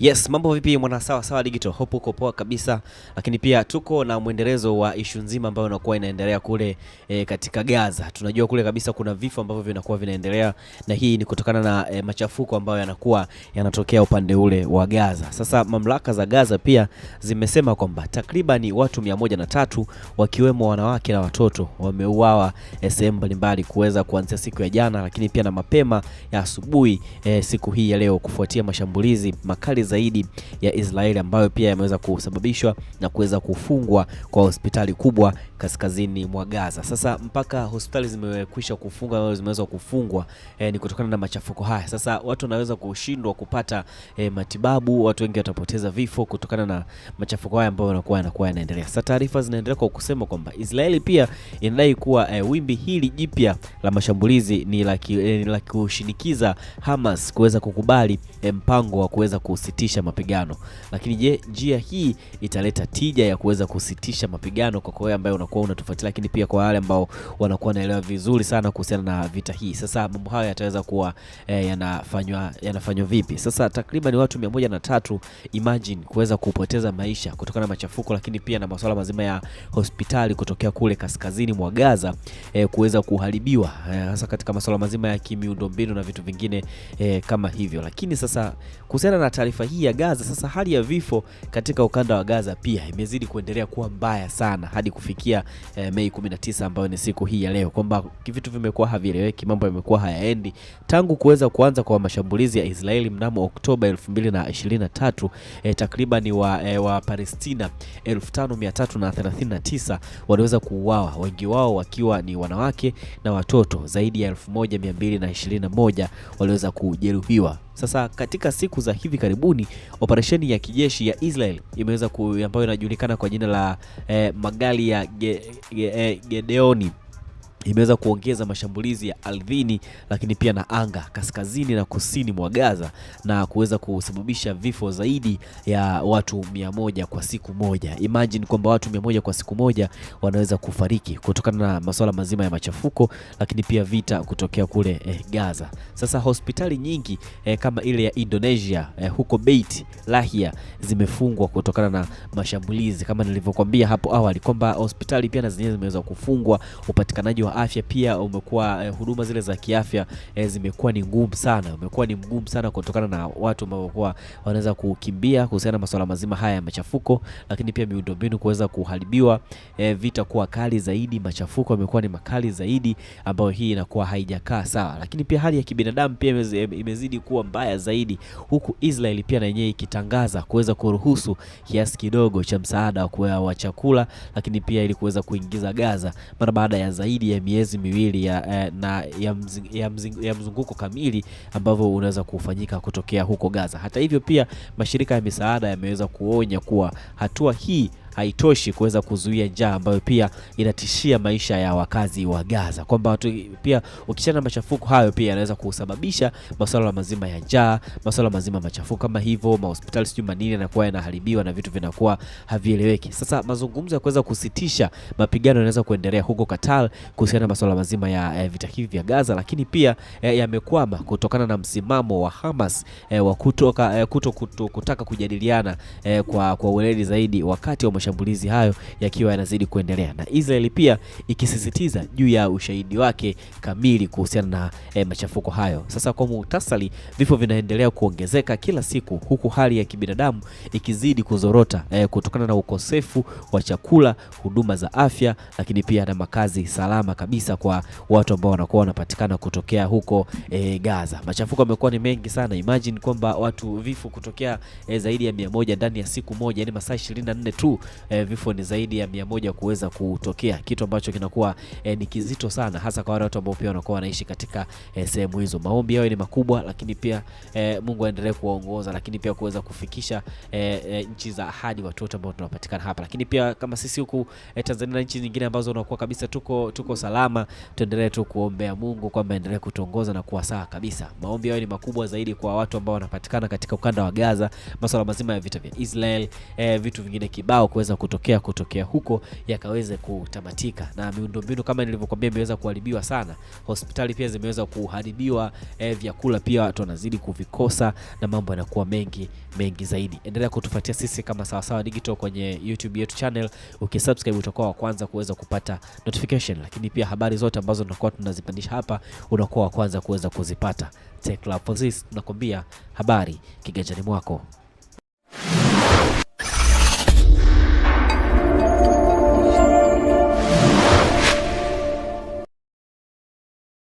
Yes, mambo vipi mwana sawa sawa digital. Hope uko poa kabisa, lakini pia tuko na mwendelezo wa ishu nzima ambayo inakuwa inaendelea kule e, katika Gaza. Tunajua kule kabisa kuna vifo ambavyo vinakuwa vinaendelea na hii ni kutokana na e, machafuko ambayo yanakuwa yanatokea upande ule wa Gaza. Sasa mamlaka za Gaza pia zimesema kwamba takriban watu mia moja na tatu wakiwemo wanawake na watoto wameuawa eh, sehemu mbalimbali kuweza kuanzia siku ya jana, lakini pia na mapema ya asubuhi e, siku hii ya leo kufuatia mashambulizi makali zaidi ya Israeli ambayo pia yameweza kusababishwa na kuweza kufungwa kwa hospitali kubwa kaskazini mwa Gaza. Sasa mpaka hospitali zimekwisha kufunga au zimeweza kufungwa eh, ni kutokana na machafuko haya. Sasa watu wanaweza kushindwa kupata eh, matibabu, watu wengi watapoteza vifo kutokana na machafuko haya ambayo yanakuwa yanakuwa yanaendelea. Sasa taarifa zinaendelea kwa kusema kwamba Israeli pia inadai kuwa eh, wimbi hili jipya la mashambulizi ni la eh, kushinikiza Hamas kuweza kukubali eh, mpango wa kuweza kusitisha kusitisha mapigano. Lakini je, njia hii italeta tija ya kuweza kusitisha mapigano kwa kwa ambayo unakuwa unatufuatilia, lakini pia kwa wale ambao wanakuwa naelewa vizuri sana kuhusiana na vita hii. Sasa mambo hayo yataweza kuwa eh, yanafanywa yanafanywa vipi? Sasa takriban watu mia moja na tatu imagine kuweza kupoteza maisha kutokana na machafuko, lakini pia na masuala mazima ya hospitali kutokea kule kaskazini mwa Gaza eh, kuweza kuharibiwa eh, hasa eh, katika masuala mazima ya kimiundombinu na vitu vingine eh, kama hivyo. Lakini sasa kuhusiana na taarifa hii ya Gaza. Sasa hali ya vifo katika ukanda wa Gaza pia imezidi kuendelea kuwa mbaya sana hadi kufikia eh, Mei 19 ambayo ni siku hii ya leo, kwamba vitu vimekuwa havieleweki, mambo yamekuwa hayaendi tangu kuweza kuanza kwa mashambulizi ya Israeli mnamo Oktoba 2023 eh, takribani wa, eh, wa Palestina 5339 waliweza kuuawa, wengi wao wakiwa ni wanawake na watoto. Zaidi ya 1221 waliweza kujeruhiwa sasa katika siku za hivi karibuni, operesheni ya kijeshi ya Israel imeweza ambayo inajulikana kwa jina la eh, Magali ya ge, ge, eh, Gedeoni imeweza kuongeza mashambulizi ya ardhini lakini pia na anga kaskazini na kusini mwa Gaza na kuweza kusababisha vifo zaidi ya watu mia moja kwa siku moja. Imagine kwamba watu mia moja kwa siku moja wanaweza kufariki kutokana na masuala mazima ya machafuko, lakini pia vita kutokea kule eh, Gaza. Sasa hospitali nyingi eh, kama ile ya Indonesia eh, huko Beit Lahia zimefungwa kutokana na mashambulizi, kama nilivyokuambia hapo awali kwamba hospitali pia na zenyewe zimeweza kufungwa, upatikanaji wa afya pia umekuwa eh, huduma zile za kiafya eh, zimekuwa ni ngumu sana, umekuwa ni mgumu sana kutokana na watu ambao kwa wanaweza kukimbia kuhusiana na masuala mazima haya ya machafuko, lakini pia miundombinu kuweza kuharibiwa, eh, vita kuwa kali zaidi, machafuko yamekuwa ni makali zaidi, ambayo hii inakuwa haijakaa sawa, lakini pia hali ya kibinadamu pia eh, imezidi kuwa mbaya zaidi, huku Israeli pia na yenyewe ikitangaza kuweza kuruhusu kiasi kidogo cha msaada wa chakula, lakini pia ili kuweza kuingiza Gaza mara baada ya zaidi ya miezi miwili ya, eh, na ya, mzing, ya, mzing, ya mzunguko kamili ambavyo unaweza kufanyika kutokea huko Gaza. Hata hivyo, pia mashirika ya misaada yameweza kuonya kuwa hatua hii haitoshi kuweza kuzuia njaa ambayo pia inatishia maisha ya wakazi wa Gaza, kwamba watu pia ukichana machafuko hayo pia yanaweza kusababisha masuala mazima ya njaa, masuala mazima machafuko kama hivyo, mahospitali sijui manini yanakuwa yanaharibiwa na vitu vinakuwa havieleweki. Sasa mazungumzo ya kuweza kusitisha mapigano yanaweza kuendelea huko Qatar kuhusiana na masuala mazima ya eh, vita hivi vya Gaza, lakini pia eh, yamekwama kutokana na msimamo wa Hamas eh, wa kutoka eh, kuto, kuto, kutaka kujadiliana eh, kwa, kwa zaidi wakati wa mashambulizi hayo yakiwa yanazidi kuendelea na Israeli pia ikisisitiza juu ya ushahidi wake kamili kuhusiana na e, machafuko hayo. Sasa kwa muhtasari, vifo vinaendelea kuongezeka kila siku huku hali ya kibinadamu ikizidi kuzorota e, kutokana na ukosefu wa chakula, huduma za afya, lakini pia na makazi salama kabisa kwa watu ambao wanakuwa wanapatikana kutokea huko e, Gaza. Machafuko yamekuwa ni mengi sana. Imagine kwamba watu vifo kutokea e, zaidi ya mia moja ndani ya siku moja, yani masaa 24 tu eh, vifo ni zaidi ya mia moja kuweza kutokea, kitu ambacho kinakuwa eh, ni kizito sana, hasa kwa wale watu ambao pia wanakuwa wanaishi katika eh, sehemu hizo. Maombi yao ni makubwa, lakini pia eh, Mungu aendelee kuwaongoza, lakini pia kuweza kufikisha eh, eh, nchi za ahadi watu wote ambao tunapatikana hapa, lakini pia kama sisi huku eh, Tanzania na nchi nyingine ambazo unakuwa kabisa tuko, tuko salama, tuendelee tu kuombea Mungu kwamba endelee kutuongoza na kuwa sawa kabisa. Maombi yao ni makubwa zaidi kwa watu ambao wanapatikana katika ukanda wa Gaza, masuala mazima ya vita vya Israel, eh, vitu vingine kibao kuweza yaliyoweza kutokea kutokea huko yakaweze kutamatika, na miundombinu kama nilivyokuambia imeweza kuharibiwa sana, hospitali pia zimeweza kuharibiwa eh, vyakula pia watu wanazidi kuvikosa na mambo yanakuwa mengi mengi zaidi. Endelea kutufuatia sisi kama Sawasawa Digital kwenye YouTube yetu channel, ukisubscribe utakuwa wa kwanza kuweza kupata notification, lakini pia habari zote ambazo tunakuwa tunazipandisha hapa unakuwa wa kwanza kuweza kuzipata. Tech Lab for this tunakwambia habari kiganjani mwako.